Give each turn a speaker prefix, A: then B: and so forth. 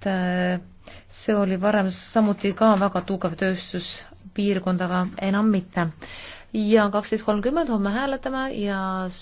A: sest äh, see oli varem samuti ka väga tugev tööstuspiirkond, aga enam mitte. ja kaksteist kolmkümmend homme hääletame ja